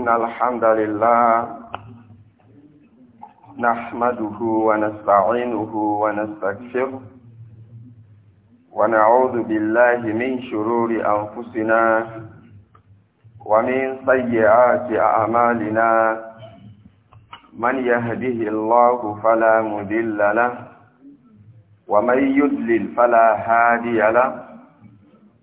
إن الحمد لله نحمده ونستعينه ونستغفره ونعوذ بالله من شرور أنفسنا ومن سيئات أعمالنا من يهده الله فلا مذل له ومن يذلل فلا هادي له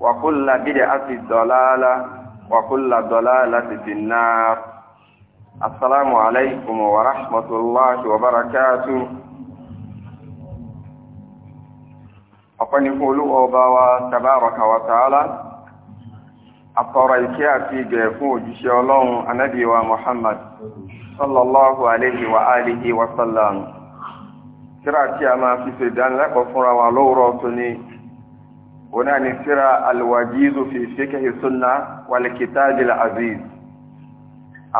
وكل بدعة ضلالة وكل ضلالة في النار السلام عليكم ورحمة الله وبركاته ọ̀pẹ́ni fún olúwọ́ ọba wa tàbárọ̀kà wa tààlá àtọ̀rọ̀ ìkẹ́ àti ìgẹ̀ fún òjíṣẹ́ ọlọ́run anábíwa Muhammad sallallahu alayhi wa alihi wa sallam kíra tí a máa fi fèdánilẹ́kọ̀ọ́ fúnra wa lóòrọ̀ tó ní òun náà ni síra alwajizu fi fíkẹ́ sunna wal-kitab al-aziz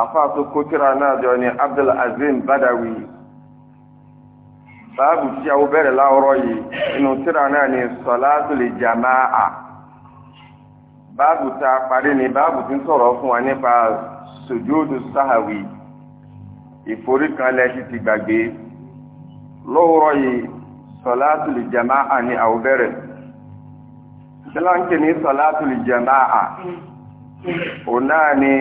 àfáà tó kó síra náà jọ ni abdul azim badawi báàbù tí a ó bẹ̀rẹ̀ láwọ́rọ́ yìí inú síra náà ni salatul jama'a báàbù tá a parí ni báàbù tí ń sọ̀rọ̀ fún wa nípa sujudu sahawi ìforíkanlẹ̀ ti ti gbàgbé lówùrọ̀ yìí salatul jama'a ni a ó síláńkì ní sọ̀látùlì jẹ̀máà òun náà ni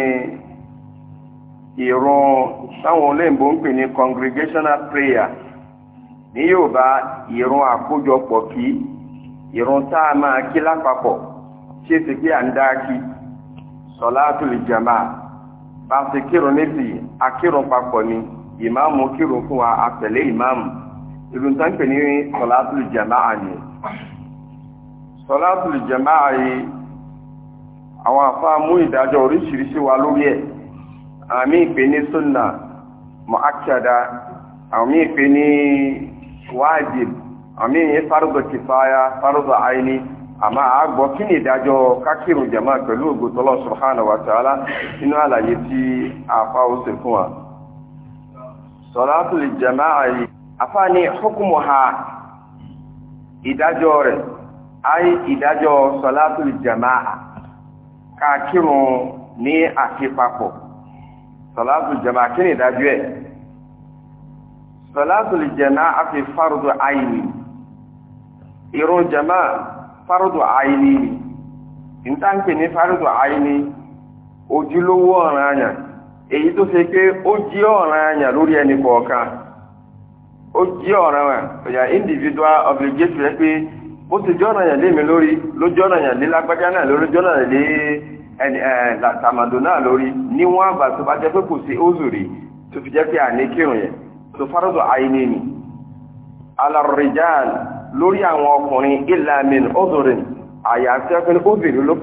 ìrun táwọn olóyìnbó ń pè ní congregational prayer ní Yorùbá ìrun àkójọpọ̀ kí ìrun tá a máa kí lápapọ̀ tí èsì pé à ń dá kí sọ̀látùlì jẹ̀máà bá ti kírun níbi akírun papọ̀ ni ìmáàmù kírun fún wa àtẹ̀lé ìmáàmù ìrun tá pè ní sọ̀látùlì jẹ̀máà ni sọlátùlì jẹmáà yìí àwọn àfáà mú ìdájọ́ oríṣiríṣi wá lórí ẹ̀ àmì ìpè ní sunna mu'akkada àmì ìpè ní wájib àmì ìyẹn fárúgbọ kìfáyà fárúgbọ àìní àmà àgbọ̀ kí ni ìdájọ́ kákìrù jẹmáà pẹ̀lú ògbótọlọ subhanahu wa ta'ala nínú ìdájọ́ rẹ̀. ayé ìdájọ́ sọlátùl jama'a ká ní àkípapọ̀ sọlátùl jama'a kí ni ìdájọ́ ẹ̀ sọlátùl jama'a fi fárúdù àìní ìrun jama'a fárúdù àìní ìtànkì ní fárúdù àìní ojúlówó ọ̀ràn èyí tó ṣe pé ó jí ọ̀ràn lórí kọ̀ọ̀kan ó jí ọ̀ràn individual pé o ti jọ́nà yàn lé mi lórí ló jọ́nà yàn lé lágbájá náà lórí jọ́nà yàn lé tàmàdò náà lórí níwọ̀n àgbà tó bá jẹ́ pé kò sí tó fi jẹ́ pé à ní kírun yẹn tó fárọ́dọ̀ àìní ni alàrìjáàn lórí àwọn ọkùnrin ìlàmìn ózùrín àyàfi ọkùnrin ózùrí ló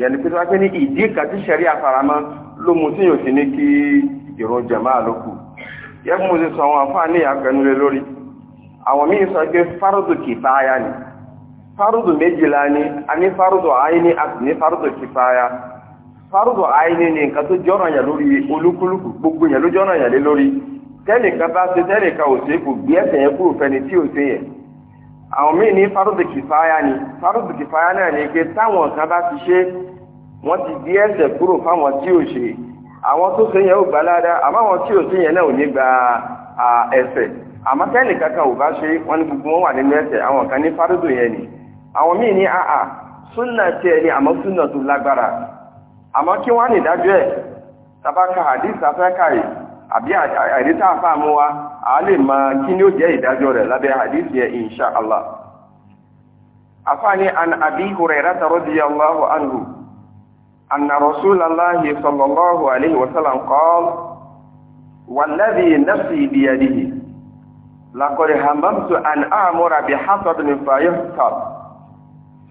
yẹn ni ní ìdí sẹ́rí ló mú ní kí farudu méjìlá ni a ní farudu àìní a sì ní farudu kifaya farudu àìní ni nǹkan to jọ́nà yà lórí olukuluku gbogbo yẹn ló jọ́nà le lori lórí tẹ́nìkan bá ṣe tẹ́nìkan ò ṣe kò gbé ẹ̀sẹ̀ yẹn kúrò fẹ́ni tí ò se yẹn àwọn míì ní farudu kifaya ni farudu kifaya náà ni pé táwọn kan bá ti ṣe wọ́n ti gbé ẹ̀sẹ̀ kúrò fáwọn tí ò ṣe àwọn tó yẹn ò gbà ládàá àwọn tí ò yẹn náà ò ní gba ò bá ṣe gbogbo àwọn míì ní àà súnà tí ẹni àmọ́ súnà tó lágbára àmọ́ kí wọ́n ní ìdájọ́ ẹ̀ tàbákà àdísà fẹ́kàrí àbí àìrítà àfáàmú wa a lè ma kí ní ó jẹ́ ìdájọ́ rẹ̀ lábẹ́ àdísì ẹ̀ insha Allah afáàní an Abi Hurairata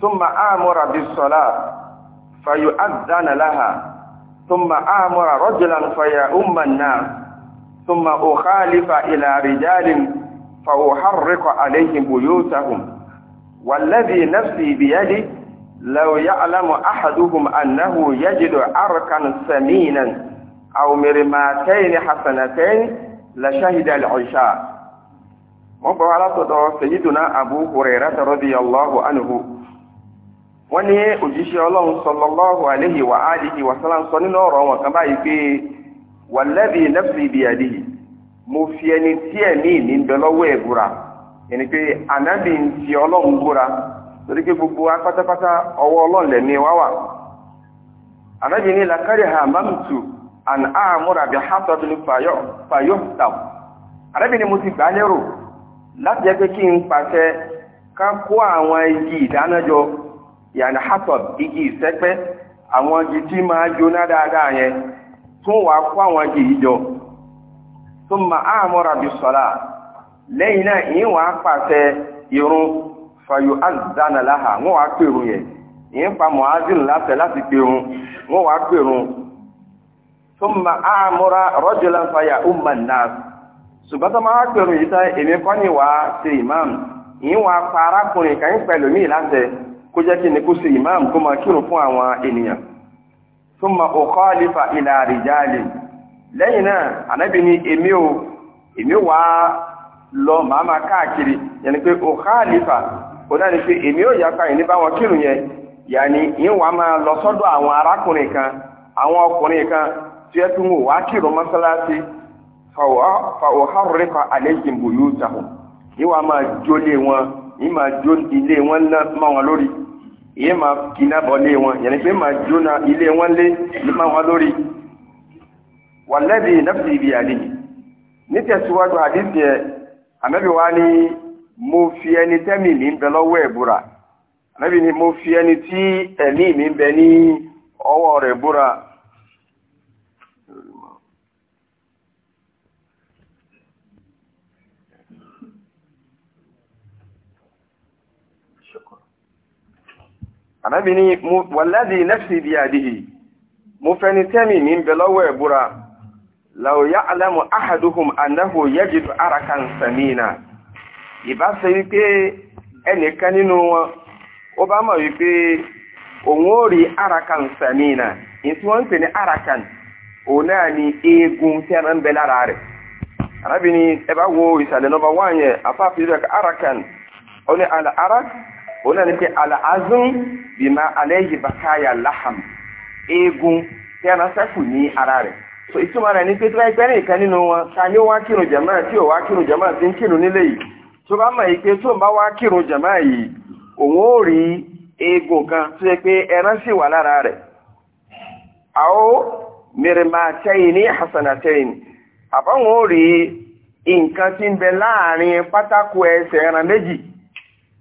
ثم آمر بالصلاة فيؤذن لها ثم آمر رجلا فيؤم الناس ثم أخالف إلى رجال فأحرق عليهم بيوتهم والذي نفسي بيده لو يعلم أحدهم أنه يجد عرقا ثمينا أو مرماتين حسنتين لشهد العشاء مبارك سيدنا أبو هريرة رضي الله عنه wọ́n ní òjíṣẹ́ ọlọ́run sallallahu ọhụrụ wa alihi wa sallam sọ nínú ọ̀rọ̀ wọn kan báyìí pé walladhi nafsi biyadihi mo fi ẹni tí ẹ̀mí ní ń bẹ ẹ̀ búra ẹni pé ànábì ń fi ọlọ́run búra torí pé gbogbo ọwọ́ ọlọ́run lẹ̀mí wá wà ànábì ní mamtu bi ànábì mo ti gbà lérò láti yàrá hasọb igi ìsẹ́pẹ́ àwọn igi tí máa jóná dáadáa yẹn tún wà kó àwọn igi yìí jọ tó ma àmọ́ra bí náà wà á pàṣẹ irun fayọ azana láha wọ́n wà á pèrún yẹn ìyẹn pa muhazin láṣẹ láti pèrún wọ́n wà á ma fayà umma nas ṣùgbọ́n tó máa pèrún yìí sáyẹn èmi wà á ṣe wà á kó jẹ́ kí ni kó ṣe imam kó máa kírun fún àwọn ènìyàn thumma ukhalifa ila rijali lẹ́yìn náà ànábì ni èmi ò èmi wà á lọ màá máa káàkiri yẹn ni pé ukhalifa ó náà ni pé èmi ò yàpá yìí ní báwọn kírun yẹn yàní yín wàá máa lọ sọ́dọ̀ àwọn arákùnrin kan àwọn ọkùnrin kan tí ẹ tún wò wá mọ́sálásí fàwọ̀ hárùrẹ́fà àlẹ́yìn bòyó tàwọn yín wàá máa jólé wọn yín máa jó ilé wọn ná mọ́ wọn lórí yé máa kíná bọ̀ lé wọn yẹn ni pé máa jóná ilé wọn lé ní máa wá lórí wàlẹ́bí nafsi ibi àlè ní tẹ̀síwájú àdìsí ẹ̀ ànábì wa ni mo fi ẹni tẹ́mi mi ń bẹ lọ́wọ́ ẹ̀ búra ni mo fi ẹni tí ẹ̀mí mi ń bẹ ní ọwọ́ rẹ̀ búra. ànábì ní wàládì nẹ́fì bí àdìhì mo fẹ́ni tẹ́mì ní ń bẹ lọ́wọ́ ẹ̀ búra law ya'lamu ahaduhum annahu yajidu arakan samina ìbá ṣe wípé ẹnìkan nínú wọn ó bá mọ̀ wípé òun ó rí arakan samina ìtí wọ́n ń pè ní arakan òun náà ni eegun tẹ́ran ń bẹ lára rẹ̀ ànábì ẹ bá wo ìsàlẹ̀ nọ́mbà wáyẹn afáfíìsì arakan ó ní al arak òun náà pé àlàázún bìmá alẹ́ yìí laham eegun tí a náà sẹ́kù ní ara rẹ̀ so ìtumọ̀ rẹ̀ ní pé tí wọ́n nínú wọn ni wá kírun jama tí ò wá kírun jàmá tí ń kírun nílé yìí tó bá mọ̀ yìí pé tó ń bá wá kírun yìí òun ó kan tó yẹ pé ẹran sì wà lára rẹ̀ ní àbáwọn ó rí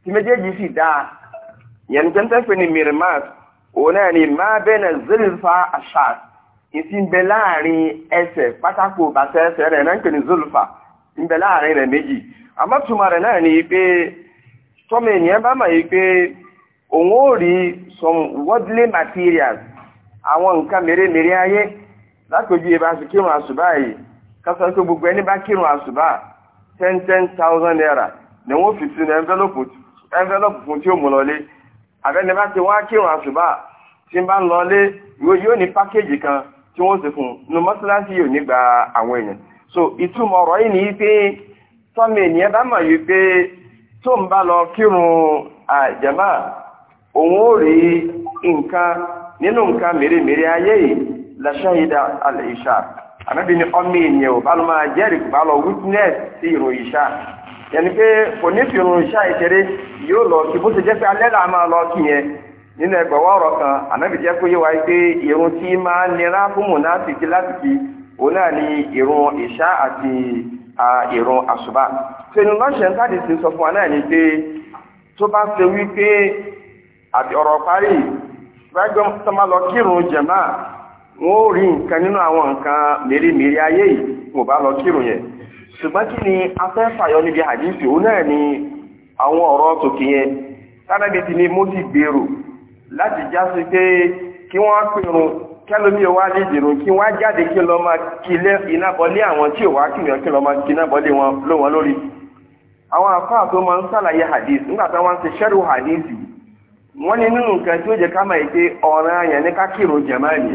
tí méjèèjì sì dáa ìyẹn ní tẹ́ntẹ́ pé ní mirimas òun náà ni máa bẹ́ẹ̀ na zulfa ashas ìsì ń bẹ láàrin ẹsẹ̀ pátákó bàtà ẹsẹ̀ rẹ̀ náà ń pè ní zulfa ń bẹ láàrin rẹ̀ méjì àmọ́ túmọ̀ rẹ̀ náà ni pé tọ́mọ ènìyàn bá mọ̀ yìí pé òun ó rí some worldly materials àwọn nǹkan mèremère ayé lápèjú ìbá sì kírun àṣùbà yìí kásán tó gbogbo ẹni bá kírun àṣùbà ten ten thousand naira ni wọ́n fi sínú envelope ẹnfẹlọpù fún tí ó mú lọlé àbẹni bá ti wá kírun àṣùbà tí ń bá ń lọlé yóò ní pákéjì kan tí wọ́n ṣe fún un nu yóò ní àwọn èèyàn so ìtumọ̀ ọ̀rọ̀ yìí ni pé tọ́mọ ènìyàn bá mọ̀ yìí pé tó ń bá lọ kírun àjàmà òun ó rí nǹkan nínú nǹkan mèremère ayé yìí làṣáhídà àlẹ́ ìṣà àbẹ́bí ni ọmọ ènìyàn ò bá lọ máa jẹ́rìí bá lọ witness sí ìròyìn ìṣà yẹni pé kò ní fi irun ṣáà ìṣeré yóò lọ kí bó ṣe jẹ́ pé alẹ́ là máa lọ kí yẹn nínú ẹgbẹ̀wọ́ ọ̀rọ̀ kan ànábì jẹ́ kó yé wa pé irun tí máa nira fún mùnáfìkì láti kí òun náà ni irun ìṣá àti irun àṣùbà fẹnu lọ́ṣẹ̀ ń tàbí ti sọ fún wa náà ni pé tó bá ṣe wípé àti ọ̀rọ̀ parí rájọ́ tó máa lọ kírun jàmáà wọn ò rí nǹkan nínú àwọn nǹkan mèremère ayé yìí ṣùgbọ́n kí ni afẹ́ fàyọ níbi àdísì òun náà ni àwọn ọ̀rọ̀ tòkì yẹn tánàbí ti ní mọ́sí gbèrò láti já sí pé kí wọ́n pèrún kẹ́lómi wá lè dèrò kí wọ́n jáde kí lọ máa kí iná àwọn tí ò wá kí wọ́n kí lọ máa kí iná wọn lówọn lórí àwọn àfáà tó máa ń sàlàyé nígbà tí wọ́n ti ṣẹ́rù wọ́n ní nínú nǹkan tí ó jẹ́ ká máa pé ọ̀ràn àyàn ní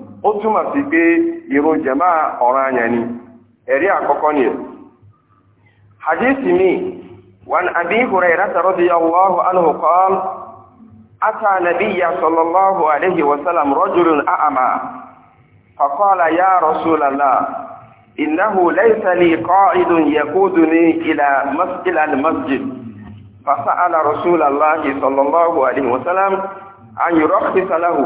ó túmọ̀ sí pé ìrun jẹ̀má ọ̀ranyàn ni ẹ̀rí àkọ́kọ́ ni hadith mi wọn abi hurairah radiyallahu anhu qala ata nabiyya sallallahu alayhi wa sallam rajulun a'ma faqala ya rasulallah إنه ليس لي قائد يقودني إلى مسجد المسجد فسأل رسول الله صلى الله عليه وسلم أن يرخص له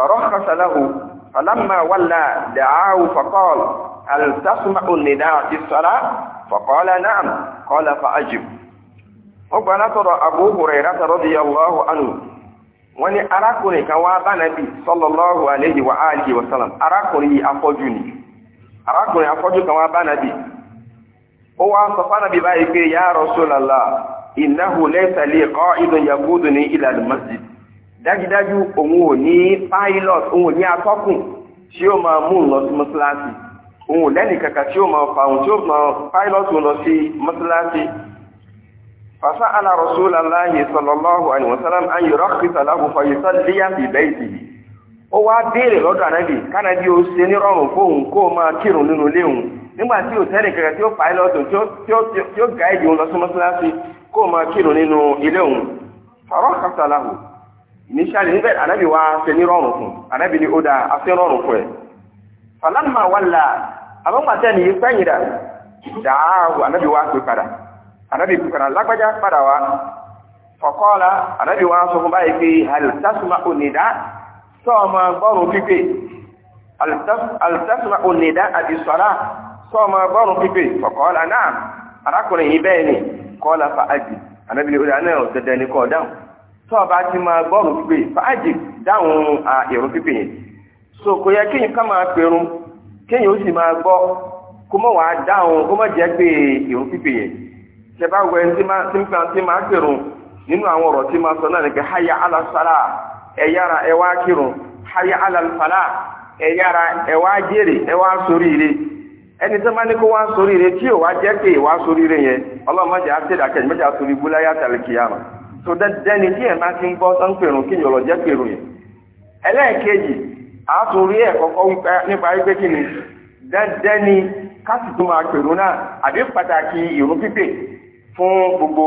فرخص له فلما ولى دعاه فقال هل تسمع النداء في الصلاة فقال نعم قال فأجب وقال ترى أبو هريرة رضي الله عنه wani arákùnrin kan wá bá nàbí sallallahu alayhi wa alihi wa sallam arákùnrin yìí afọ́jú ni arákùnrin afọ́jú kan wá bá nàbí ó wá sọ fún nàbí báyìí pé ya Rasulallah innahu laysa li qa'idun yaquduni ila al dájúdájú òun ò ní pilot òun ní atọ́kùn tí ó máa mú lọ sí mọ́sálásí òun lẹ́nì kankan tí ó máa fa òun tí ó máa pilot òun lọ ala rasulullahi sallallahu alaihi an yurakhkhisa lahu fa yusalliya fi baytihi ó wá béèrè lọ́dọ̀ ànábì kánàbí ó ṣe nírọ̀rùn fóun kó máa kírun nínú ilé òun nígbà tí ò initially níbẹ̀ anabi wa fẹ́ ní rọrùn fún anabi ni ó da afẹ́ rọrùn fún ẹ̀ falamma wàllà àbọ̀ngbàtẹ́ ni pẹ́yìn dà dàáhù anabi wa pè padà anabi pè padà lágbájá padà wa fọ̀kọ́ọ̀lá anabi wa sọ fún báyìí pé alitasuma onídà sọ́ọ̀mà gbọ́rùn pípé alitasuma onídà àti sọ́lá sọ́ọ̀mà gbọ́rùn pípé fọ̀kọ́ọ̀lá náà arákùnrin yìí bẹ́ẹ̀ ni kọ́ọ̀lá fa àjì anabi ni ó dà náà ọ̀dẹ̀dẹ̀ ni kọ́ọ̀dáhùn tó ọba ti máa gbọ́rùn pípé fàájì dáhùn ìrún pípé yẹn so kò yẹ kéèyàn ká máa pẹ̀rún kéèyàn ó sì máa gbọ́ kó mọ̀ wá dáhùn kó mọ̀ jẹ́ pé ìrún pípé yẹn ṣẹba wẹ tí máa tí máa pẹ̀rún nínú àwọn ọ̀rọ̀ tí máa sọ náà ni pé háyà alásàlá ẹ̀yára kírun háyà ẹ̀yára jèrè ẹni tó máa ní kó wá tí ò wá jẹ́ pé yẹn ọlọ́mọdé á tó dẹ́ni tí ẹ̀ máa ti ń gbọ́ sán pèrún kí yọ̀rọ̀ jẹ́ pèrún yẹn ẹlẹ́ẹ̀kejì àtúrí ẹ̀ kọ́kọ́ nípa wípé kí ni dẹ́ni káàsì tó máa pèrún náà àbí pàtàkì ìrún pípè fún gbogbo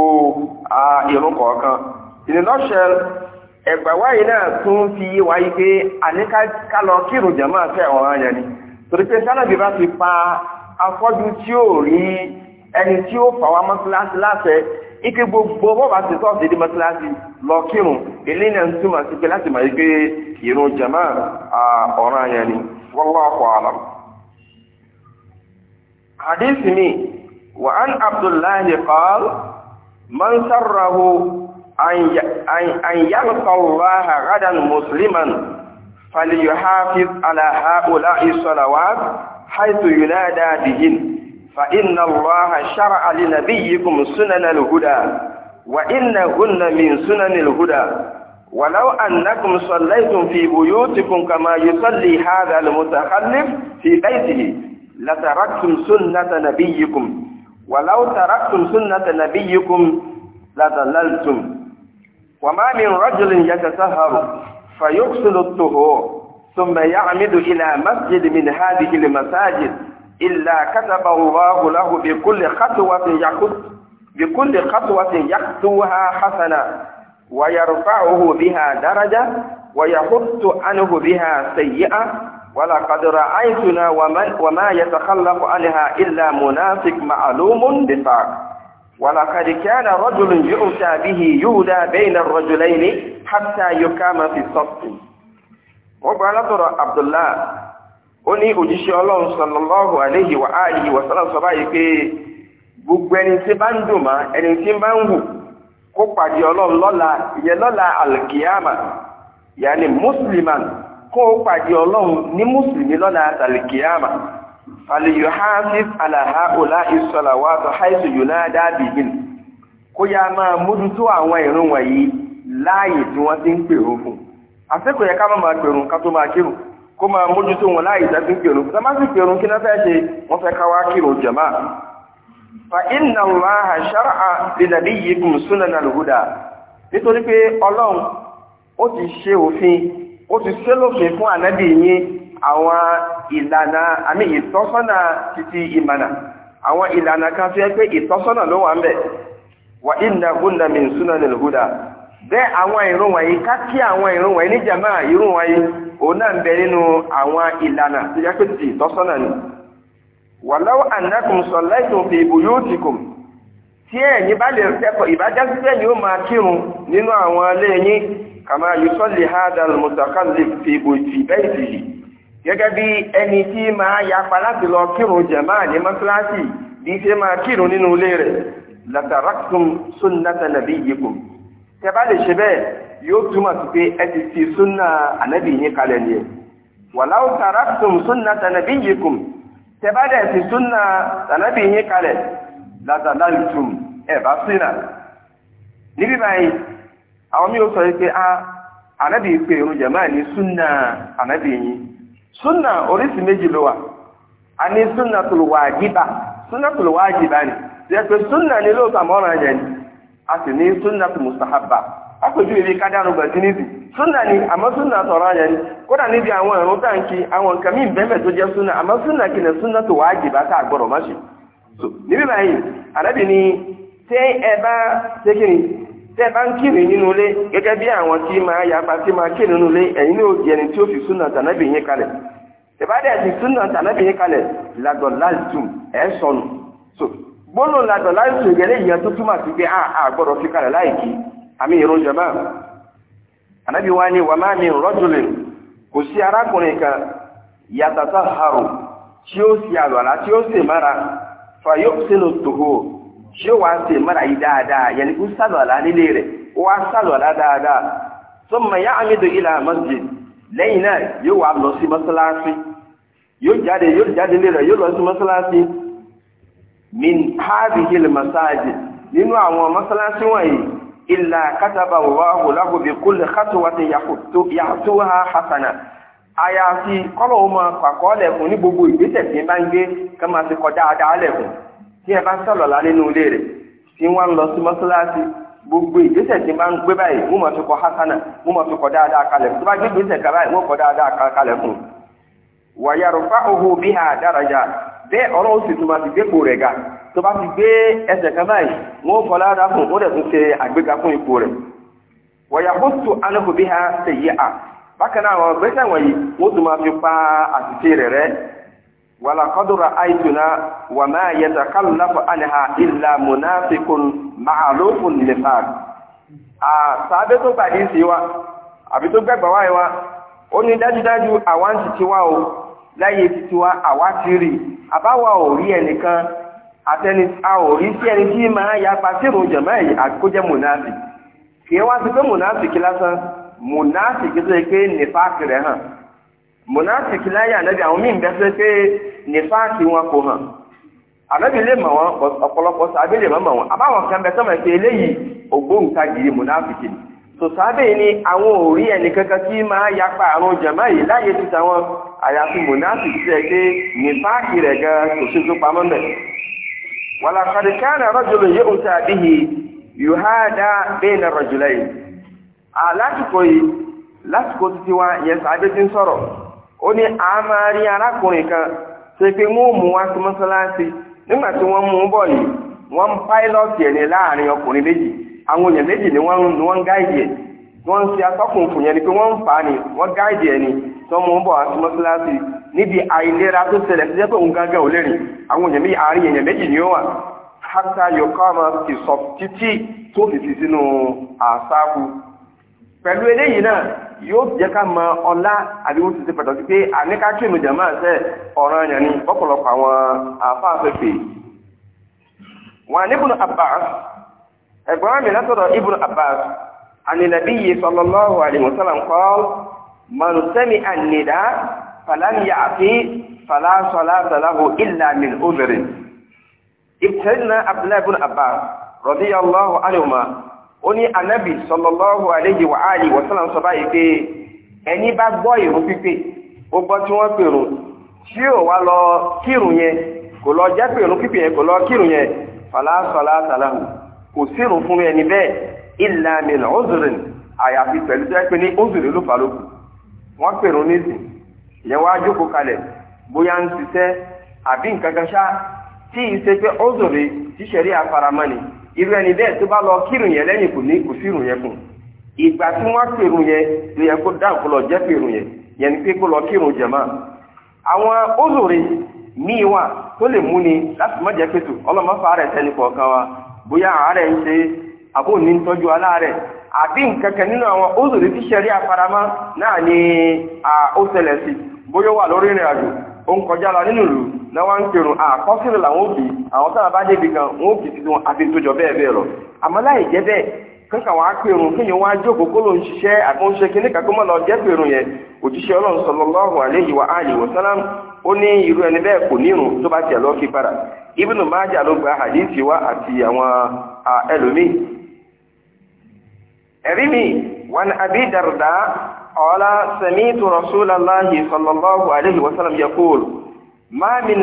ìrún kọ̀ọ̀kan ìnìlọ́ṣẹ́ ẹ̀gbàwáyé náà tún fi yé wáyé pé àníkálọ kírun jẹ̀mọ́ àfẹ́ ọ̀ràn yẹn ni torí pé sálàbí bá fi pa afọ́jú tí ó rí ẹni tí ó fà wá mọ́ kíláàsì láṣẹ ike gbogbo bọ́ọ̀bà ti sọ́ọ̀sì di mọ́sálásí lọ kírun ilé náà ń túmọ̀ sí pé láti mọ̀ pé ìrun jama ọ̀ràn yẹn ni wallahu a'lam. hadith mi wa an abdullahi qaal man sarrahu an yalqa ghadan musliman falyuhafiz ala ha'ula'i salawat haythu yunada bihin فإن الله شرع لنبيكم سنن الهدى وإنهن من سنن الهدى ولو أنكم صليتم في بيوتكم كما يصلي هذا المتخلف في بيته لتركتم سنة نبيكم ولو تركتم سنة نبيكم لضللتم وما من رجل يتسهر فيغسل الطهور ثم يعمد إلى مسجد من هذه المساجد إلا كتب الله له بكل خطوة يخطو بكل خطوة يخطوها حسنة ويرفعه بها درجة ويحط عنه بها سيئة ولقد رأيتنا ومن وما يتخلف عنها إلا منافق معلوم بالفعل ولقد كان رجل يؤتى به يهدى بين الرجلين حتى يقام في الصف وقال عبد الله ó ní òjíṣẹ́ ọlọ́run sallallahu alayhi wa alihi wa sallam sọ báyìí pé gbogbo ẹni tí bá ń dùn má ẹni tí bá ń wù kó pàdé ọlọ́run lọ́la ìyẹn lọ́la alkiyama yàní musliman kó pàdé ọlọ́run ní mùsùlùmí lọ́la alkiyama fàlìyò hafiz alaha ọlá ìsọ̀làwà tó haisu yunada bìbìn kó yá máa mójútó àwọn ìrun wọ̀nyí láàyè tí wọ́n ti ń pèrò fún yẹ ká má máa pèrò ká kó máa mójútó wọn láì ìtàkùn kírun tá má sì kírun kí náà fẹ́ ṣe wọ́n fẹ́ káwá kírun shar'a li nabiyyikum sunan al-huda nítorí pé ọlọ́run ó ti ṣe òfin ó ti ṣe lófin fún ànábì yín àwọn ìlànà àmì ìtọ́sọ́nà títí ìmànà àwọn ìlànà kan fi ẹ́ pé ìtọ́sọ́nà ló wà ń bẹ̀ wà bẹ́ẹ̀ àwọn ìrun wọ̀nyí ká kí àwọn ìrun wọ̀nyí ní jàmá ìrun wọ̀nyí òun náà ń bẹ nínú àwọn ìlànà tó yẹ pé ti ni. walaw annakum sallaytum fi buyutikum tí ẹ̀yin bá lè kẹ́kọ̀ọ́ kama yusalli hadal mutakallif fi baytihi gẹ́gẹ́ bí ẹni tí máa yapa láti lọ kírun jàmá ní mọ́sálásì bí ṣe máa kírun nínú ilé rẹ̀ tẹ bá lè ṣe bẹ́ẹ̀ yóò túmọ̀ sí pé ẹ ti fi súnà ànábì yín kalẹ̀ ni ẹ̀ wàláwù taraktum súnà tànàbí yìí kùm tẹ bá lè fi súnà tànàbí yín kalẹ̀ lazalalutum ẹ bá sínà níbí báyìí àwọn mi ò sọ pé a ah, ànábì pé irun jẹ̀mọ́ ní súnà ànábì yín súnà oríṣi méjì ló wà a ní súnà tòlùwà àjíbà súnà tòlùwà àjíbà ni ìyẹn pé súnà ni lóòótọ́ àmọ́ràn yẹn ni. a na ní súnà tó mùsàhábà àpèjú ìwé kádàrú gbàtí níbi ni ni kódà níbi àwọn anwụ táǹkì àwọn nǹkan míì bẹ́ẹ̀ tó jẹ́ súnà àmọ́ súnà kìnà súnà tó wàá jìbá tá a gbọ́dọ̀ má so, níbí báyìí ànábì ni ni tẹ́ bá ń kírì nínú ilé gẹ́gẹ́ bí àwọn tí máa ti bọ́ọ̀lù làtọ̀ láì sùn ìgẹ̀lẹ́ ìyẹn tó túmọ̀ sí pé àgbọ̀dọ̀ fi kalẹ̀ láìkí àmì ìrún jama ànábì wa ni wàmá mi rọ́jùlẹ̀ kò sí arákùnrin kan yàtàtà harò tí ó sì àlọ́lá tí ó sì mara fàyọ́ sínú tòhó tí ó wà sí mara yìí dáadáa yẹn ni kó sálọ̀lá nílé rẹ̀ ó wá sálọ̀lá dáadáa tó mọ̀ yá àmìdò ilà masjid lẹ́yìn náà yóò wà lọ sí mọ́sálásí yóò jáde yóò jáde lé yóò lọ sí mọ́sálásí min hadhihi almasajid nínú àwọn masalasi wọ̀nyí illa kataba Allahu lahu bi kulli khatwatin yahtuha hasana àyàfi kọ́lọ̀ ó máa pàkọ́ lẹ̀kùn ní gbogbo ìgbésẹ̀ tí bá ń gbé ká máa ti kọ dáadáa lẹ̀kùn tí ẹ bá ń sọ̀rọ̀ lá nínú ilé rẹ̀ tí wọ́n lọ sí mọ́sálásí gbogbo ìgbésẹ̀ tí bá ń gbé báyìí wọ́n máa fi hasana wọ́n máa fi kọ dáadáa kalẹ̀ tó bá gbé ìgbésẹ̀ kan báyìí wọ́n kọ dáadáa kalẹ̀ wa yarfa'uhu biha daraja bẹ́ẹ̀ ọ̀rọ̀ ó sì tún máa ti gbépò rẹ̀ ga tó bá ti gbé ẹsẹ̀ kan báyìí wọ́n fọlá ara fún ó dẹ̀ ṣe àgbéga fún ha ṣe yí à bákan náà àwọn ìgbésẹ̀ wọ̀nyí wọ́n máa fi pa àṣìṣe rẹ̀ rẹ́ wàlà kọ́dùrà wà máa yẹ láfọ̀ àníhà ìlà mùnáfikùn màálùfùn wa láyé àwa ti àbáwa ò rí ẹnìkan àtẹni a ò rí sí ẹni tí máa yapa sí ìrun jẹ̀mọ́ yìí àkójẹ́ mùnáàfì kì í wá sí pé mùnáàfì kí lásán mùnáàfì kí tó yẹ pé nífàákì rẹ̀ hàn mùnáàfì kí láyé ànábì àwọn míì bẹ́ẹ̀ sọ pé nífàákì wọn kò hàn ànábì lè mọ̀ wọn ọ̀pọ̀lọpọ̀ sábẹ́ lè mọ̀ wọn àbáwọn kan bẹ́ẹ̀ sọ́mọ̀ pé eléyìí ògbóǹkagì mùnáàfì kì ni. sòsábẹ̀ ni àwọn òrí ẹnìkankan tí máa yapa àrùn jẹ̀mọ́ yìí láyé ti tàwọn àyàfi mọ̀nàfì ti ẹ̀ pé nífàákì rẹ̀ gan kò tó pamọ́ mẹ́. wàlàkàdì káàna rọ́jòlò yóò ń tàbíhi yòhádá bẹ́ẹ̀nà rọ̀jùlẹ̀ yìí. àlásìkò yìí lásìkò títí ya, yẹn sàbẹ̀ ti ń sọ̀rọ̀ ó ní a máa rí arákùnrin kan ṣe pé mú mú wá sí mọ́sálásí nígbà tí wọ́n mú bọ̀ yìí wọ́n àwọn èèyàn méjì ni wọ́n ń gáìdì ẹ̀ wọ́n ń ṣe atọ́kùn fún yẹn ni pé wọ́n ń fà á ni wọ́n gáìdì ẹ̀ ni tó mú bọ̀ àti mọ́síláàsì níbi àìlera tó ṣẹlẹ̀ tó jẹ́ pé òun gángan ò lè àwọn èèyàn méjì àárín èèyàn méjì ni ó wà hátà yọkọ́ àmọ́ ti sọ títí tó fi sí sínú àṣàkù pẹ̀lú eléyìí náà yóò jẹ́ ká mọ ọlá àdéhùn ti ṣe pàtàkì pé àníkàtú ìmọ̀jà máa ṣe ọ̀ràn ẹ̀yàn ni ọ̀pọ̀lọpọ̀ àwọn àfáàfẹ́fẹ́ wọn àníbùnú Abbas ẹgbọ́n mi látọ̀dọ̀ ibùn abbas ànìlẹ̀bí yìí sallallahu alaihi wasallam kọ́ mọ̀rùsẹ́mi ànìdá fàlàmìyà àfi fàlàsọ̀lásọ̀láhù illa min obìnrin ìtẹ́lẹ̀ abdullahi ibùn abbas radiyallahu anhuma ó ní anábì sallallahu alaihi wa alihi wasallam sọ báyìí pé kò sírun fún ẹni bẹ́ẹ̀ illa min uzrin àyàfi pẹ̀lú tó yẹ pé ní uzrin ló fà lókù wọ́n pèrò nísìn ìyẹn wá jókòó kalẹ̀ bóyá ń ṣiṣẹ́ àbí nǹkan kan ṣá tí ì ṣe pé uzrin tíṣẹ̀rí àfaramọ́ ni irú ẹni bẹ́ẹ̀ tó bá lọ kírun yẹn lẹ́yìn kò ní kò sírun yẹn fún ìgbà tí wọ́n pèrò yẹn ló yẹ kó dáhùn lọ jẹ́ pèrò yẹn wa bóyá àárẹ̀ ń ṣe àbò ní tọ́jú aláàrẹ̀ àbí nkankan nínú àwọn òzòrí tí ṣẹ̀rí àfaramá náà ni ó ṣẹlẹ̀ sí bóyá wà lórí ìrìn ó ń lọ nínú ìlú náwá ń kírun àkọsílẹ̀ làwọn òbí àwọn sábà bá débi gan wọn òbí tuntun àti bẹ́ẹ̀ bẹ́ẹ̀ lọ àmọ́ láì jẹ́ bẹ́ẹ̀ jókòó ó ní irú ẹni bẹ́ẹ̀ kò nírun tó bá tiẹ̀ lọ́ọ́ kí padà Ibnu Majah ló gba hadisi wa àti àwọn ẹlòmíì. ẹ̀rí mi wọn Abi Darda ọ̀la sami'tu rasulallahi sallallahu alayhi wa sallam yaqul ma min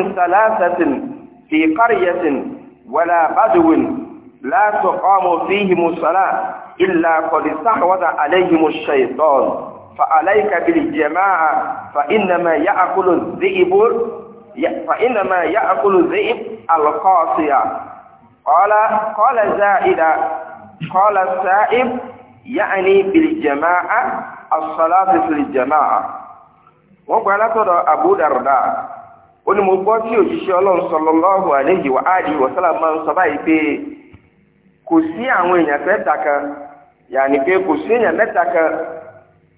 فعليك بالجماعة فإنما يأكل الذئب فإنما يأكل الذئب القاصية قال قال زائدة قال السائب يعني بالجماعة الصلاة في الجماعة وقال ترى أبو درداء ó ní mo gbọ́ tí òjíṣẹ́ ọlọ́run sallallahu alayhi wa alihi wa sallam máa ń sọ báyìí pé kò sí àwọn èèyàn mẹ́ta kan yàní pé kò sí èèyàn mẹ́ta kan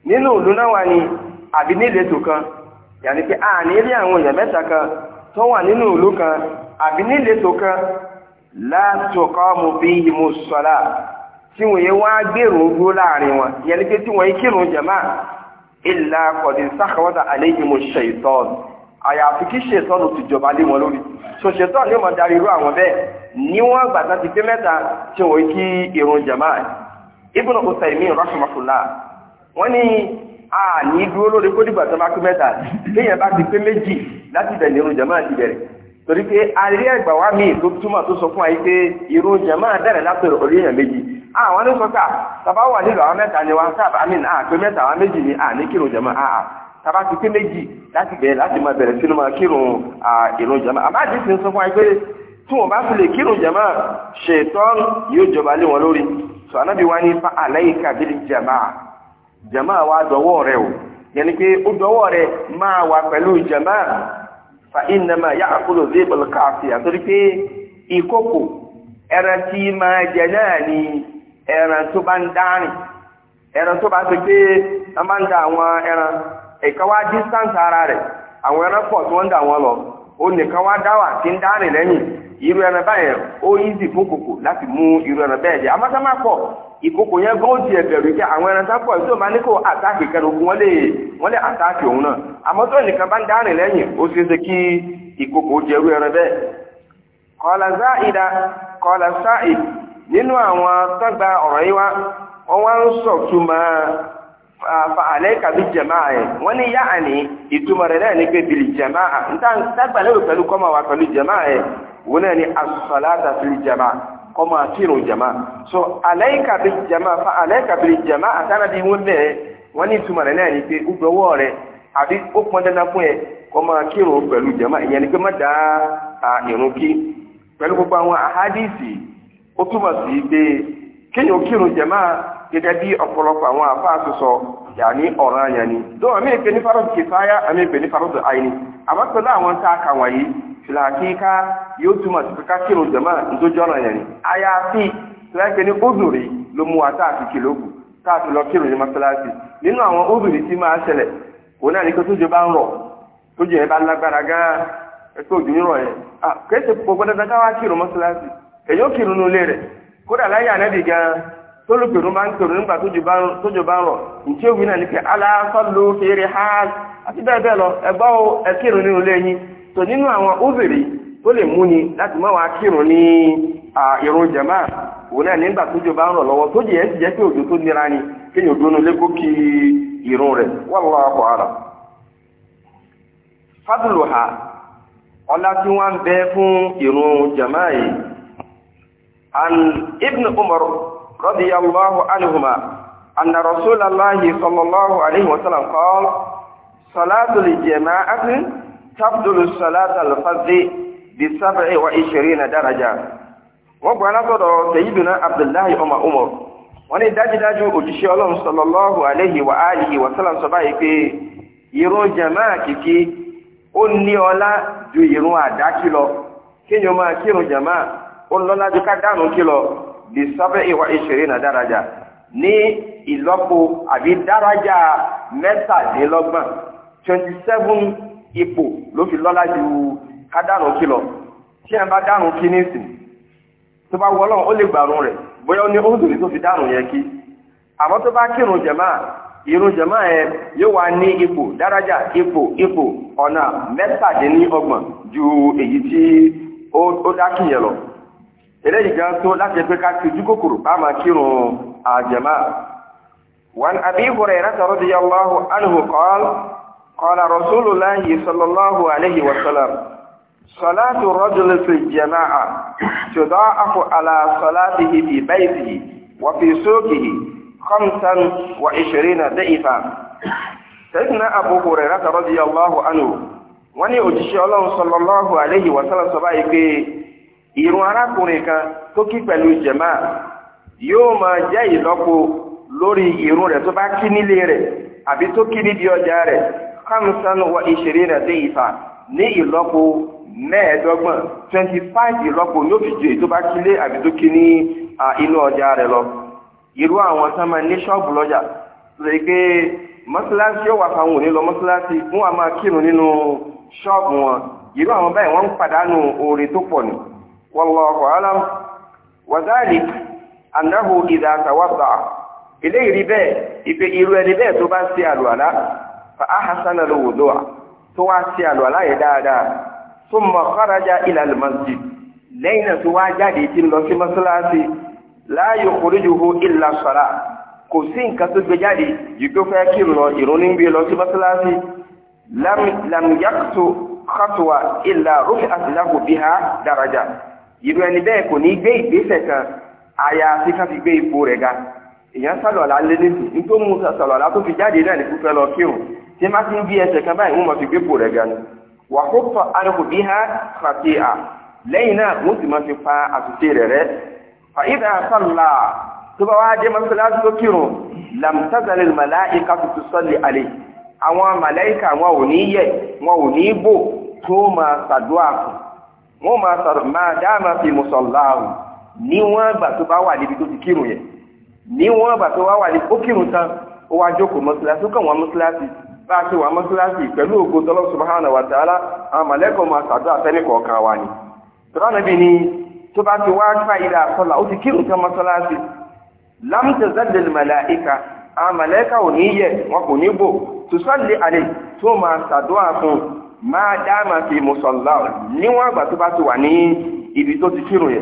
nínú ìlú náà wà ní àbí ní ìletò kan yàní pé àní rí àwọn èèyàn mẹ́ta kan tó wà nínú ìlú kan àbí ní ìletò kan látòkọ́ mu bí mo sọ̀rọ̀ tí wọ́n yẹ wá gbèrò ogbó láàrin wọn yàní pé tí wọ́n yẹ kírun jẹ̀má ìlà kọ̀dín sákàwọ́ta àléjì mo ṣe ìtọ́n àyàfi kí ṣètọ́nù ti jọba lé wọn lórí so ṣètọ́nù yóò máa darí irú àwọn bẹ́ẹ̀ níwọ̀n gbàtà ti pé mẹ́ta tí wọ́n yẹ kí irun jẹ̀má ibùdókòtà ìmí rahmatullah wọ́n ní a ní dúró lórí kó dìgbà tó bá pé mẹ́ta léèyàn bá ti pé méjì láti bẹ̀rẹ̀ irun jàmáà ti bẹ̀rẹ̀ torí pé alẹ́ ẹgbà wa mi tó túmọ̀ tó sọ fún wa yìí pé irun jàmáà bẹ̀rẹ̀ láti orí èèyàn méjì àwọn ní sọ́kà tàbá wà nílò àwọn mẹ́ta ni wa sábà àmì àpé mẹ́ta àwọn méjì ni à ní kírun jàmáà àà tàbá ti pé méjì láti bẹ̀rẹ̀ láti máa bẹ̀rẹ̀ sínú máa kírun irun jàmáà àmọ́ àti ìsìn sọ fún wa pé tí wọ́n bá fi lè kírun jàmáà ṣètọ́ yóò jọba lé wọn lórí sọ anábì ní fa àlẹ́ ìkàbílì jàmáà jama wa dọwọ́ rẹ o yẹni pé ó dọwọ́ rẹ máa wà pẹ̀lú jama fa ìnàmà yà àkúlò dé bọ̀lù àtòrí pé ìkókò ẹran tí máa jẹ náà ni ẹran tó bá ń dárìn ẹran tó bá ti pé a máa ń da àwọn ẹran ẹ̀ka wá distance ara àwọn da wọn lọ ó nìkan wá dá wà tí ń lẹ́yìn irú ẹran báyẹn ó yí fún kòkò ìkókò yẹn gbọ́n ti ẹ̀bẹ̀rù kí àwọn ẹran tá pọ̀ tó máa ní kó àtàkì kẹrù ogun wọ́n lè wọ́n lè àtàkì òun náà àmọ́ nìkan bá ń dárìn lẹ́yìn ó ṣeé ṣe kí ìkókò jẹrú ẹran bẹ́ẹ̀. kọ́lá záìdá kọ́lá sáì nínú àwọn tọ́gba ọ̀rọ̀ yìí wá wọ́n wá ń kàbí jẹ̀máà ẹ̀ wọ́n ní ìtumọ̀ rẹ̀ náà ní pé bìlì jẹ̀máà ń tàgbà pẹ̀lú kọ́mọ̀ wa pẹ̀lú jẹ̀máà ẹ̀ wọ́n náà ní asọ̀lá ọmọ àfihàn jama so aláìka bí jama fa aláìka bí jama àtàlàdé wọn bẹ̀rẹ̀ wọn ní ìtumọ̀ rẹ̀ náà ni pé ó rẹ̀ àbí ó pọn dandan ẹ pẹ̀lú jama ìyẹn ni pé má da kí pẹ̀lú gbogbo àwọn ó túmọ̀ sí pé kírun jama gẹ́gẹ́ bí ọ̀pọ̀lọpọ̀ àwọn àfáà ni. ìpè ní kìfáyà àmì ìpè ní àyìn àmọ́ pẹ̀lú ka yóò túmọ̀ sí pé kákìrò jẹ̀mọ́ nítorí ọ̀nà yẹn ni ya tẹ́lẹ̀kẹ́ ní ódùnrí ló mú wa táàfi kìlógù táàfi lọ kírò ní mọ́sálásí nínú àwọn ódùnrí tí máa ṣẹlẹ̀ òun náà ní pé tójú bá ń rọ̀ tójú yẹn bá lágbára gan-an ẹgbẹ́ òjò nírọ̀ yẹn kéèsì gbogbo dandan kírò mọ́sálásí èyí ó kírò rẹ̀ kódà láyé ànábì gan-an máa ń kírò nígbà bá ń rọ̀ náà ní pé ha àti bẹ́ẹ̀ bẹ́ẹ̀ lọ tó nínú àwọn obìnrin tó lè múni láti má wàá kírun ní ìrun jàmá òun náà nígbà tójò bá ń rọ̀ lọ́wọ́ tó jẹ́ ti jẹ́ pé òjò tó nira ni kéèyàn dúró lé kó kí ìrun rẹ̀ wallahu a'lam. ọlá tí wọ́n ń fún yìí an ibn umar radiyallahu anhuma anna rasulallah tabdulu salata alfazi bi sábẹ̀ wa ìṣeré na daraja wọ́n gbọ́ alátọ̀dọ̀ sayyiduna abdullahi ọmọ umar wọ́n ní dájúdájú òjíṣẹ́ ọlọ́run sallallahu alaihi wa alihi wa sọ báyìí pé jama'a kìkí ó ní ọlá ju ìrun lọ máa ó lọ́lá ju ká kí lọ na daraja ní ìlọ́po àbí mẹ́tàdínlọ́gbọ̀n ipò ló fi lọ́lá ju ká lọ tí ẹ bá dànù kí ní tó bá wọlọ́ ó lè gbàrún rẹ̀ bóyá ó ní oúnjẹ tó fi dànù yẹn kí àmọ́ tó bá kírun jẹ̀má irun jẹ̀má ẹ yóò wá ní ipò dárájà ipò ipò ọ̀nà mẹ́tàdínlọ́gbọ̀n ju èyí tí ó dákì yẹn lọ eléyìí gan tó láti pé ká ti dúkòkòrò bá máa kírun àjẹ̀má. قال رسول الله صلى الله عليه وسلم صلاة الرجل في الجماعة تضاعف على صلاته في بيته وفي سوقه خمسا وعشرين ضعفا سيدنا أبو هريرة رضي الله عنه wọ́n ní òjíṣẹ́ ọlọ́run sallallahu alayhi wa sallam sọ báyìí pé ìrun arákùnrin kan tó kí pẹ̀lú jẹ̀má yóò máa jẹ́ ìlọ́po lórí ìrun rẹ̀ tó bá kí nílé rẹ̀ àbí tó kí nídìí ọjà rẹ̀ kamsan wa ìṣeré dayfa ní ìlọ́po mẹ́ẹ̀ẹ́dọ́gbọ̀n twenty five ìlọ́po yóò fi ju ètò bá kílé àbí tó kí ní inú ọjà rẹ̀ lọ irú àwọn tán ní ṣọ́ọ̀bù lọ́jà lè gbé mọ́sálásí yóò wà fáwọn òní lọ mọ́sálásí fún wa máa kírun nínú ṣọ́ọ̀bù wọn irú àwọn báyìí wọ́n ń pàdánù oore tó pọ̀ ní wallahu alam wa dhalik annahu idha tawadda ilé ìrí bẹ́ẹ̀ ìpè irú ẹni bẹ́ẹ̀ tó bá fa ahasana ló wòlò à tó wá sí àlọ́ aláyẹ̀ dáadáa tó mọ̀ kárajà ilal masjid lẹ́yìn náà tó wá jáde tí ń lọ sí mọ́sálásí láàyò kòríjòho ìlà sọ̀rà kò sí nǹkan tó gbé jáde jù tó fẹ́ kí lọ ìrònú ń gbé lọ sí mọ́sálásí lamiyakto katuwa ìlà rufi àtìláhù biha daraja ìlú ẹni bẹ́ẹ̀ kò ní gbé ìgbésẹ̀ kan àyà àti ká fi gbé ipò rẹ̀ ga èèyàn sálọ̀lá lé nísìn nítorí mú sálọ̀lá tó fi jáde náà ní fúfẹ́ lọ kírun tí má ti ń bí ẹsẹ̀ kan báyìí wọ́n máa fi gbépò rẹ̀ ga ni wà kó tọ arúgbó bí ha fàtí à lẹ́yìn náà wọ́n sì máa fi pa àtúnṣe rẹ̀ rẹ́ fa ìdá sàlá tó bá wá dé mọ́sálásí tó kírun làmùtàzàlẹ̀ màláìka tuntun sọ́lẹ̀ àlè àwọn màláìka wọn ò ní yẹ wọn ò ní bò tó máa ṣàdúrà fún wọn máa ṣàdúrà máa dáàmà fi mùsọ̀lá níwọ̀n ìgbà tó bá wà níbi tó ti kírun yẹn níwọ̀n ìgbà tó wà wà níbi ó kírun tán ó wá jókòó mọ́sálásí ó kàn wọ́n mọ́sálásí bá a ṣe wà mọ́sálásì pẹ̀lú ògo tọ́lọ́ subhanahu wa ta'ala a mọ̀lẹ́kọ̀ọ́ ma ṣàdúrà fẹ́nìkọ̀ọ́ kan wa ni ni tó bá ti wá ká ìdá àkọlà ó ti kí nǹkan mọ́sálásì lámtẹ̀ zẹ́dẹ̀lì màláìka a mọ̀lẹ́kà ò ní yẹ wọn kò ní bò tó tó fún máa dáàmà fi mùsọ̀lá níwọ̀n àgbà tó bá ti wà ní ibi tó ti kírun yẹ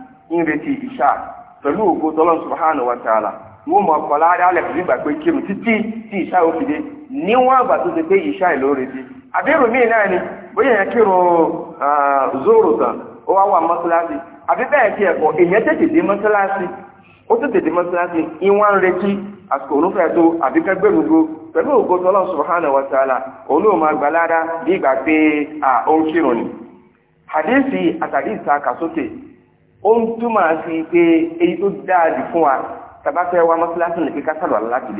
ń retí ìṣá pelu ògo tọlọ subhanahu wa ta'ala wọ́n mọ̀ ọkọ̀ láàrin alẹ́ fún ìgbà pé kírun títí tí ìṣá ò fi dé níwọ̀n àgbà tó ti pé ìṣá ìlú retí àbẹ̀rù míì náà ni bóyá yẹn kírun zoro tán ó wá wà mọ́sálásí àbí bẹ́ẹ̀ tí ẹ̀kọ́ èèyàn tètè dé mọ́sálásí ó tètè dé mọ́sálásí ìwọ̀n retí àsìkò ònúfẹ́ tó àbí kẹgbẹ́rúgbó pẹ̀lú ògo tọ́lọ́ subhanahu wa ta'ala òun ló máa gbàlára bí ìgbà pé à ó kírun ni. àtàdí ìta ó ń túmọ̀ sí pé èyí tó dáa fún wa tàbá fẹ́ wá mọ́sálásí nìkan ká sàlùwàlá láti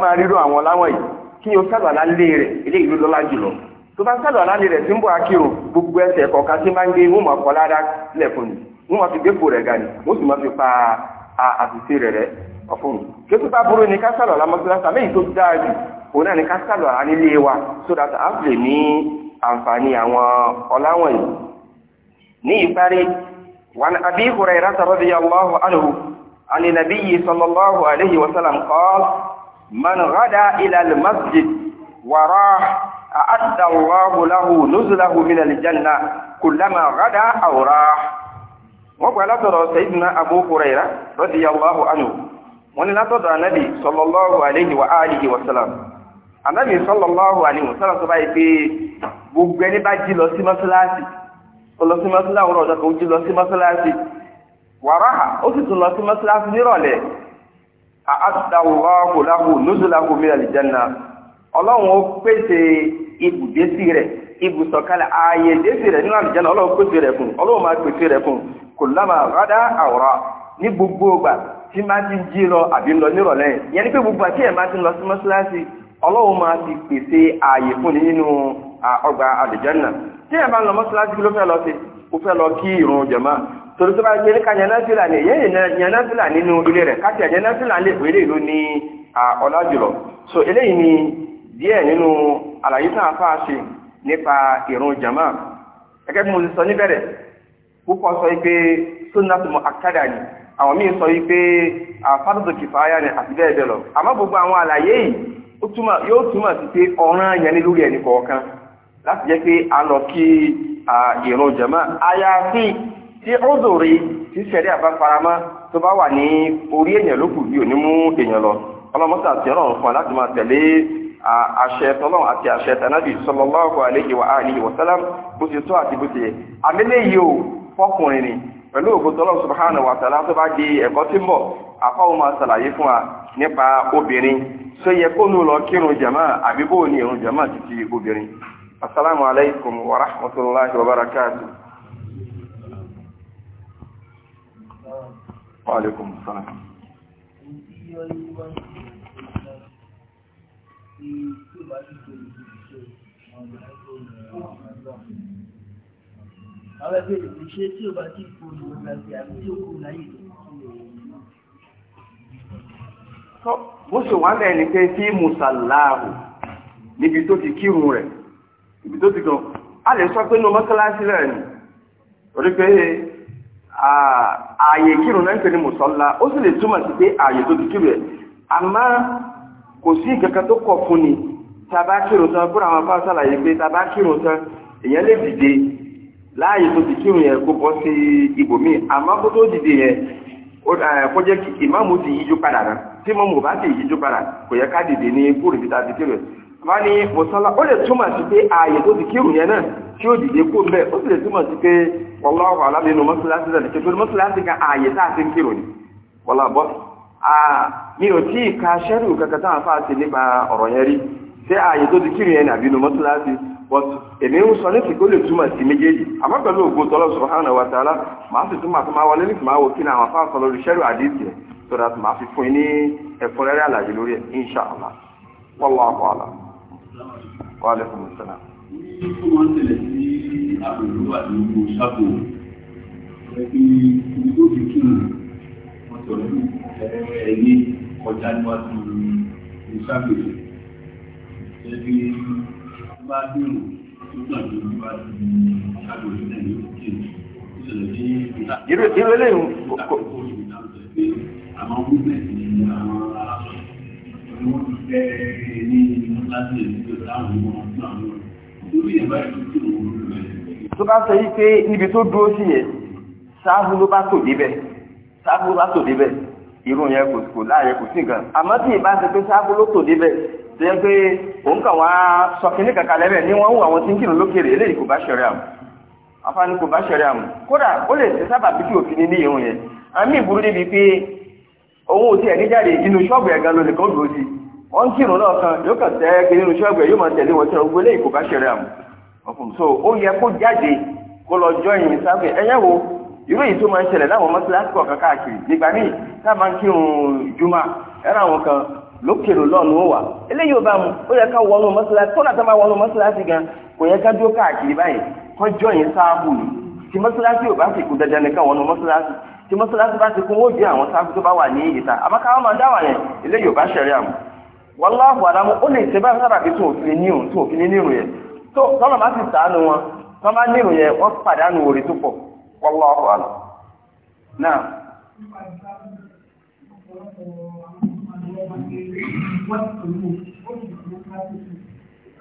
máa àwọn láwọn yìí kí o sàlùwàlá lé rẹ̀ lọ́lá jùlọ tó bá sàlùwàlá lé rẹ̀ tí ń bọ̀ akírun gbogbo ẹsẹ̀ máa ń gbé wọ́n lára ni wọ́n fi gbépo rẹ̀ ga ni wọ́n sì fi pa rẹ̀ rẹ̀ ọ̀fun wa so that lè ní àǹfààní àwọn ọ̀làwọ̀n yìí وعن أبي هريرة رضي الله عنه عن النبي صلى الله عليه وسلم قال من غدا إلى المسجد وراح أعد الله له نزله من الجنة كلما غدا أو راح وقال ترى سيدنا أبو هريرة رضي الله عنه وأن ترى النبي صلى الله عليه وآله وسلم النبي صلى الله عليه báyìí pé gbogbo ẹni bá jí lọ sí mọ́sálásí ó lọ sí mọ́sálásí jí lọ sí mọ́sálásí wàráhà ó sì tún lọ sí mọ́sálásí nírọ̀lẹ́ àtàwòrán kòlákò lóṣùlákò mi àlìjánná ó pèsè ibùdé sí rẹ̀ ààyè nínú pèsè rẹ̀ máa rẹ̀ kò lámà rádá àwòrán ni pé gbogbo àti máa ti sí máa ti pèsè ààyè fún tí ẹ̀ bá lọ mọ́sálásí lọ sí ó fẹ́ lọ kí ìrun jàmá torí tó bá gbé ká yanáfìlà ní nínú ilé rẹ̀ lè pèrè so eléyìí ni díẹ̀ nínú àlàyé tán afá ṣe nípa gẹ́gẹ́ bí sọ níbẹ̀rẹ̀ púpọ̀ sọ ni àwọn míì sọ pé fardu kifaya ni àti bẹ́ẹ̀ bẹ́ẹ̀ lọ àmọ́ gbogbo àwọn àlàyé yìí yóò túmọ̀ sí pé ọ̀ràn yẹn ní lórí láti jẹ́ pé a lọ kí ìrun jàmá àyàfi tí ó dòrí tí sẹ́rí àbáfaramá tó bá wà ní orí èèyàn ló kù bí ò ní mú èèyàn lọ ọlọ́mọ́sà àti ọlọ́run fún wa láti máa tẹ̀lé àṣẹ tọ́lọ́run àti àṣẹ tànábì sallallahu alaihi wa alihi wa sallam bó ti tọ́ àti bó ti yẹ àmẹ́lẹ́ yìí ò fọkùnrin ni pẹ̀lú ògùn tọ́lọ́run subhanahu wa tó bá di ẹ̀kọ́ tí ń bọ̀ àfáwọn máa ṣàlàyé fún wa nípa obìnrin ṣé yẹ kó nù lọ kírun jàmá àbí bó ní ìrun jàmá títí obìnrin السلام عليكم ورحمة الله وبركاته وعليكم السلام àwọn ẹgbẹ́ ìṣe tí ó bá tí kò ní ọ̀gbẹ̀gbẹ̀ àti tí ó kò láyé tó bó ṣe wà lẹ́ni pé tí mùsàláàrù níbi tó ti kírun rẹ̀ ibi tó ti gan a lè sọ pé inú mọ́sálásí rẹ̀ ni orí pé ààyè kírun náà ń pè ní mùsọ́lá ó sì lè túmọ̀ sí pé ààyè tó ti kírun ẹ̀ àmọ́ kò sí ìkankan tó kọ̀ fún ni tàbá kírun tán búra àwọn afá sàlàyé pé tàbá kírun tán èèyàn lè dìde láàyè tó ti kírun yẹn kó bọ́ sí ibòmíì àmọ́ kó tó dìde yẹn kọjá ìmáàmù ti yíjú padà rẹ̀ tí mọ́mù bá ti yíjú padà kò yẹ ká dìde ní kúrò níta ti kírun má ní mọ̀sálá ó lè túmọ̀ sí pé ààyè tó ti kírun yẹn náà tí ó dìde kó mbẹ́ ó sì lè túmọ̀ sí pé wallahu a'lam mọ́sálásí náà nìkan torí mọ́sálásí kan ààyè tá a ti ń kírun ni wọ́lá bọ́ mi ò tí ì ka ṣẹ́rù kankan táwọn afá ti nípa ọ̀rọ̀ yẹn rí ṣé ààyè tó ti kírun yẹn nàbí nínú mọ́sálásí but èmi ń sọ nífi kó lè túmọ̀ sí méjèèjì àmọ́ pẹ̀lú ògùn tọ́lọ́ subhanahu wa ta'ala màá sì túmọ̀ àtúmọ̀ wọlé nífi máa wò kí ni àwọn afá sọ lórí ṣẹ́rù àdìsí so that màá fi fún yín ní ẹ̀fúnrẹ́rẹ́ àlàyé lórí ẹ̀ insha Allah wallahu a'lam wa alaikum salam. ní kí wọ́n tẹ̀lé sí àbẹ̀lú àdúgbò ṣàkó ẹbí ìdúgbò ti kí wọ́n sọ̀rọ̀ ẹ̀yẹ kọjá níwájú ìṣàkóso ẹbí bá dùn nígbà tó ń bá ṣàkóso náà ní òkè ìṣẹ̀lẹ̀ ní ìlà. irú eléyìí. àmọ́ wúlẹ̀ ní àwọn. ni Tó bá sọ yí pé níbi tó dúró sí yẹn, sáàbù ló bá tò débẹ̀, sáàbù ló bá tò débẹ̀, irun yẹn kò kò kò sí Àmọ́ tí ìbá pé sáàbù ló tò débẹ̀, tó yẹ pé òun kàn wá sọ kankan lẹ́bẹ̀ ni wọ́n ń ń kírun lókèrè eléyìí kò bá kò òun ò tí ẹ̀ ní jáde inú ṣọ́ọ̀bù ẹ̀ gan lónìí kan dúró sí wọ́n ń kírun náà kan yóò kàn tẹ́ kí nínú ṣọ́ọ̀bù ẹ̀ yóò máa tẹ̀lé wọn tí wọ́n gbélé ìkó bá ṣẹlẹ̀ àmú ọkùn so ó yẹ kó jáde kó lọ jọyìn sáfẹ̀ ẹ̀yẹ́ wo irú èyí tó máa ń ṣẹlẹ̀ láwọn mọ́sálásí kọ̀ọ̀kan káàkiri nígbà míì tá a máa ń kírun juma ẹ̀rọ àwọn kan lókèrò lọ́nu ó yẹ tí mọ́sálásí bá ti kún ó jẹ́ àwọn sáfù tó bá wà ní ìta àmọ́ káwọn máa dá wà yẹn ilé yorùbá ṣẹ̀rí àmọ́ wàláhù àdámọ́ ó lè ṣe bá sábà fi tó òfin ní òun tó òfin ní nírun yẹn tó tọ́lọ̀ bá sì sàánú wọn tó bá nírun yẹn wọ́n pàdánù orí tó pọ̀ náà.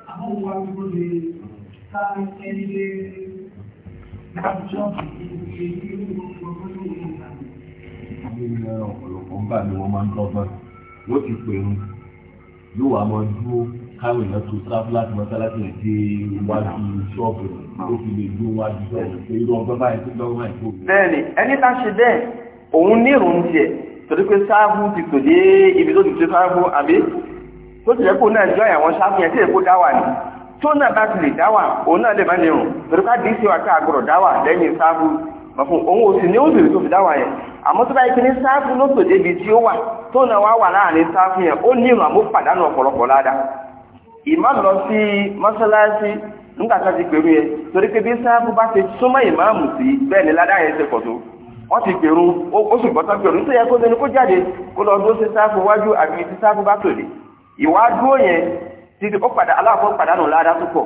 Àwọn àjọ ilé ọ̀pọ̀lọpọ̀ ń bà ní wọ́n máa ń dọ́gbọ́n yóò ti pèrún yóò wà máa dúró káwọn èèyàn tó sáfù láti mọ́sálásí yẹn dé iwájú ṣọ́ọ̀bù tó fi lè dúró wájú ṣọ́ọ̀bù pé irú ọgbọ́n báyìí tó dọ́gbọ́n báyìí tó. bẹ́ẹ̀ni ẹni tá a ṣe bẹ́ẹ̀ òun ní ìrònú tiẹ̀ torí pé sáfù ti tò dé ibi tó ti tó sáfù àbí tó ti rẹ kó náà jọ àwọn sáfù yẹn tí èkó dá wà ní. Tona náà bá ti lè dáwà òun náà lè bá ka rùn pẹ̀lú ká dìísí wa ká àgbọ̀rọ̀ dáwà lẹ́yìn sáàbù mọ̀fún òun ò sì ní tó fi dáwà yẹn àmọ́ tó bá yẹ kí ní sáàbù débi tí ó wà wà láàrin sáàbù yẹn ó ní ìrùn ọ̀pọ̀lọpọ̀ ládàá ìmọ̀ lọ sí nígbà tá a ti pèrú yẹn torí pé bí sáàbù bá ti súnmọ́ ìmáàmù sí bẹ́ẹ̀ ni ládàá yẹn pọ̀ tó wọ́n ti pèrú títí ó padà aláàkọ́ pàdánù ládá tó pọ̀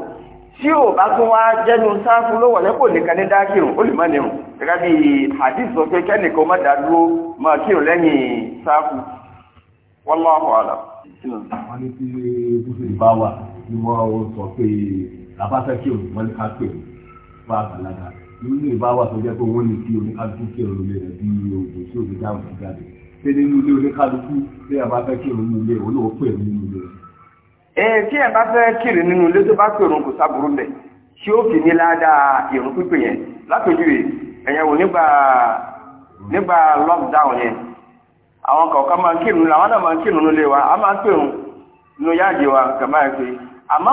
tí ò bá tún wá jẹ́nu sáfù lọ́wọ́ ní kò nìkan ní dákìrùn ó lè má nìrùn gẹ́gẹ́ bí hadith sọ pé kẹ́nìkan má dádúró máa kírun lẹ́yìn sáfù wallahu a'lam. wọ́n ní tí bùsùn bá wà ni wọ́n sọ pé àbáfẹ́ kírun wọ́n ní ká pè wá bàlágà nínú ìbá ilé oníkálukú nínú ilé ee tí ẹ bá fẹ́ kiri nínú ilé tó bá pèrò kò sábúrú lẹ̀ tí ó fi ní ládàá ìrún pípé yẹn nígbà nígbà lockdown yẹn àwọn máa ń nínú àwọn náà máa ń nínú ilé wa a máa ń pèrò nínú yáàjì wa nǹkan máa ń pè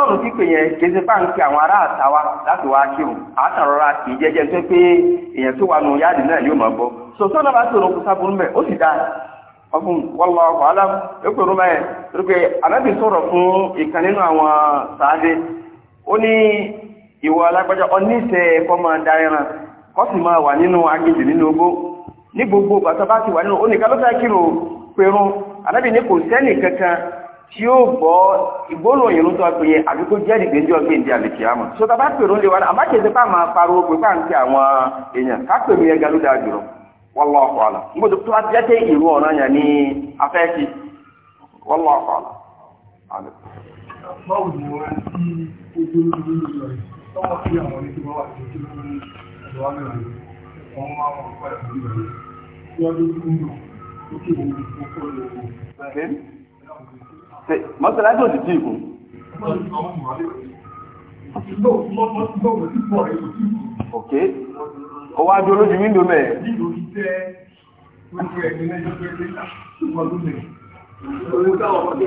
òrùn pípé yẹn kéde báńkì àwọn ará àta wa láti wá kírun kì í tó pé èèyàn tó wà yáàdì náà yóò máa náà bá kò sábúrú ó sì dáa ọkùn wọ́lọ́ ọkọ̀ alá ẹkùnrún báyẹ̀ rúpé anábì sọ̀rọ̀ fún ìkan nínú àwọn sàádé ó ní ìwọ̀ alágbájá ọníṣẹ́ kọ́ máa dáẹran kọ́ sì máa wà nínú agbègbè nínú ogó ní gbogbo bàtà bá wà nínú oníkà ló fẹ́ kírò pẹ̀rún kò sẹ́nì kankan tí ó bọ́ ìgbóòrò wallahu ala gbọ́dọ̀ tó a ti jẹ́ ìrú ọ̀nà yẹn ní ni ti ó wá dúró lójú mẹ́ so láti fúnra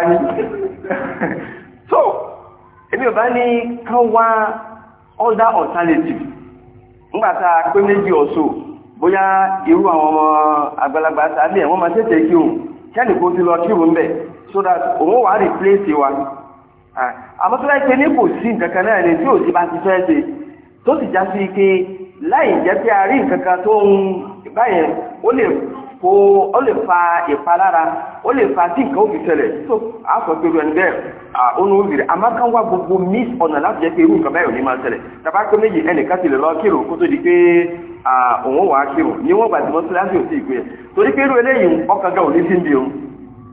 yìí so ebi ò ní kán wá alternative ńgbàtà pé méjì ọ̀sọ̀ bóyá irú àwọn ọmọ àgbàlagbà tàbí ẹ̀wọ́n máa tètè kí o kẹ́lì kó ti lọ kí o ń bẹ̀ so that òun wà replace wa àmọ́ tó láìpẹ́ ní kò sí nǹkan na náà ni tí òjì bá ti fẹ́ ṣe tó sì já sí ike láì jẹ́ pé a rí nǹkan tó ń báyẹn ó lè fa ìpalára ó lè fa tí nǹkan ó fi ṣẹlẹ̀ tó a bẹ́ẹ̀ ọ̀nà àmọ́ kan wá gbogbo ọ̀nà láti jẹ́ pé irú nǹkan báyọ̀ ní máa ṣẹlẹ̀ tàbá pé méjì ti lè lọ kírò kó tó di pé òun wà á kírò ò sí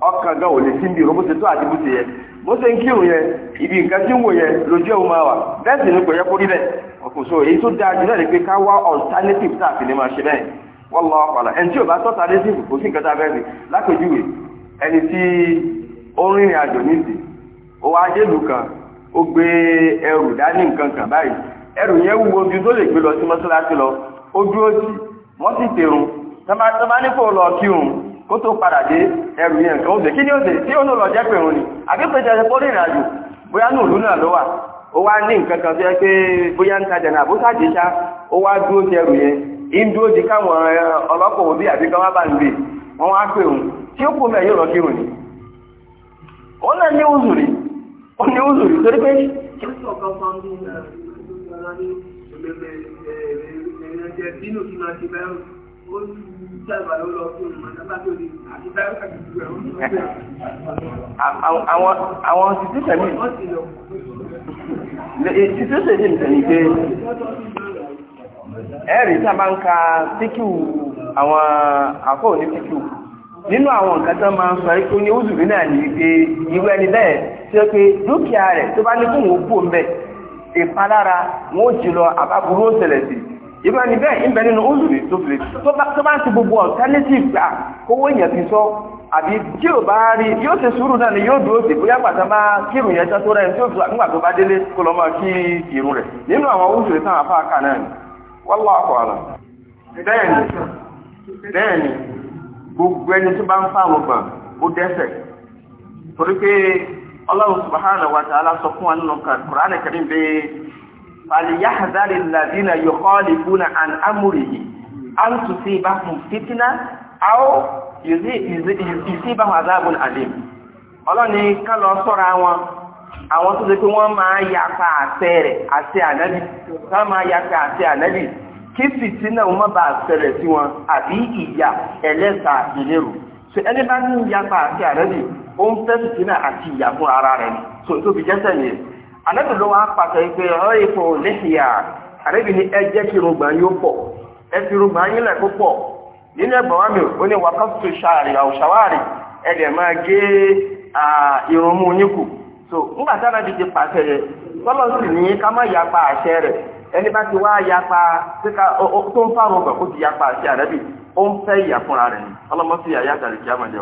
ọkàn gan ò lè sí ibi ìrún tó àti yẹ bó ṣe ń kírun ibi nǹkan tí ń wò yẹn lójú máa wà bẹ́ẹ̀ sì ni kò yẹ bẹ́ẹ̀ èyí tó dáa jù náà ni pé ká wá alternative tá a fi lè máa ṣe bẹ́ẹ̀ wọ́n lọ ọ̀pọ̀lọ̀ ẹni tí ò bá kò sí nǹkan tá a lápèjúwe ẹni tí ó rìnrìn àjò nídìí ó wá dé ìlú kan ó gbé kó tó padà dé ẹrù yẹn nǹkan ó kí ni ó dé tí ó jẹ́ ni àgbẹ̀pẹ̀ jẹ́ pọ́ àjò bóyá ní òlú náà ló wà ó wá ní nǹkan kan tó pé bóyá ń tajà náà ó wá dúró ti ẹrù yẹn ń dúró di káwọn ọlọ́pọ̀ òbí wọn wá pè òun tí ó yóò lọ kí àwọn títúṣẹ̀ mi títúṣẹ̀ jẹ́ ìtẹ̀ ní pé ẹ̀rì sábà ń ka píkíù àwọn àkọ́ ní píkíù nínú àwọn nǹkan tán máa ń sọ ikú ní òzùrí náà ní pé irú ẹni bẹ́ẹ̀ tí ó pé dúkìá rẹ̀ tó bá ní kún òkú ń bẹ̀ ìpalára wọn ò jùlọ àbábúrú òṣèlẹ̀ sí ìbá ni bẹ́ẹ̀ ń bẹ nínú olùrí tó fi tó bá tó bá ń ti gbogbo alternative gbà kówó èèyàn ti sọ àbí tí ò bá rí yóò ṣe sùúrù náà ni yóò dúró sí bóyá gbàtà máa kírun yẹn tán tó rẹ̀ tí ó fi nígbà tó bá délé kó máa kí irun rẹ̀ nínú àwọn olùrí táwọn afá kà náà ni wọ́n lọ́ àkọ́ àlọ́ bẹ́ẹ̀ni ni gbogbo ẹni tó bá ń gbọ̀n ó dẹ́sẹ̀ فليحذر الذين يخالفون عن أمره أن تصيبهم فتنة أو يصيبهم عذاب أليم ọlọ́ni ká lọ sọ́ra wọn àwọn tó ṣe pé wọ́n máa yapa àṣẹ rẹ̀ àṣẹ ànábì wọ́n máa yapa àṣẹ ànábì kí fìtínà wọn má bàa ṣẹlẹ̀ sí wọn àbí ìyà ẹlẹ́sà ìlérò so ẹni bá ní yapa àṣẹ ànábì ó ń fẹ́ fìtínà àti ìyà fún ara rẹ̀ so tó fi jẹ́sẹ̀ yẹn ànábì ló wá pàṣẹ pé ọ ìfò lẹ́hìá ànábì ní ẹ jẹ́ kí irùngbà yóò pọ̀ ẹ fi yín lẹ̀ kó nínú ẹgbọ̀n wa mi ní ẹ máa gé so ńgbà tí ànábì pàṣẹ rẹ tọ́lọ̀ sì ní ká má yapa àṣẹ rẹ ẹni bá ti wá yapa tó ń ọgbà kó ti àṣẹ ó ń fẹ́ ìyà fúnra ọlọ́mọ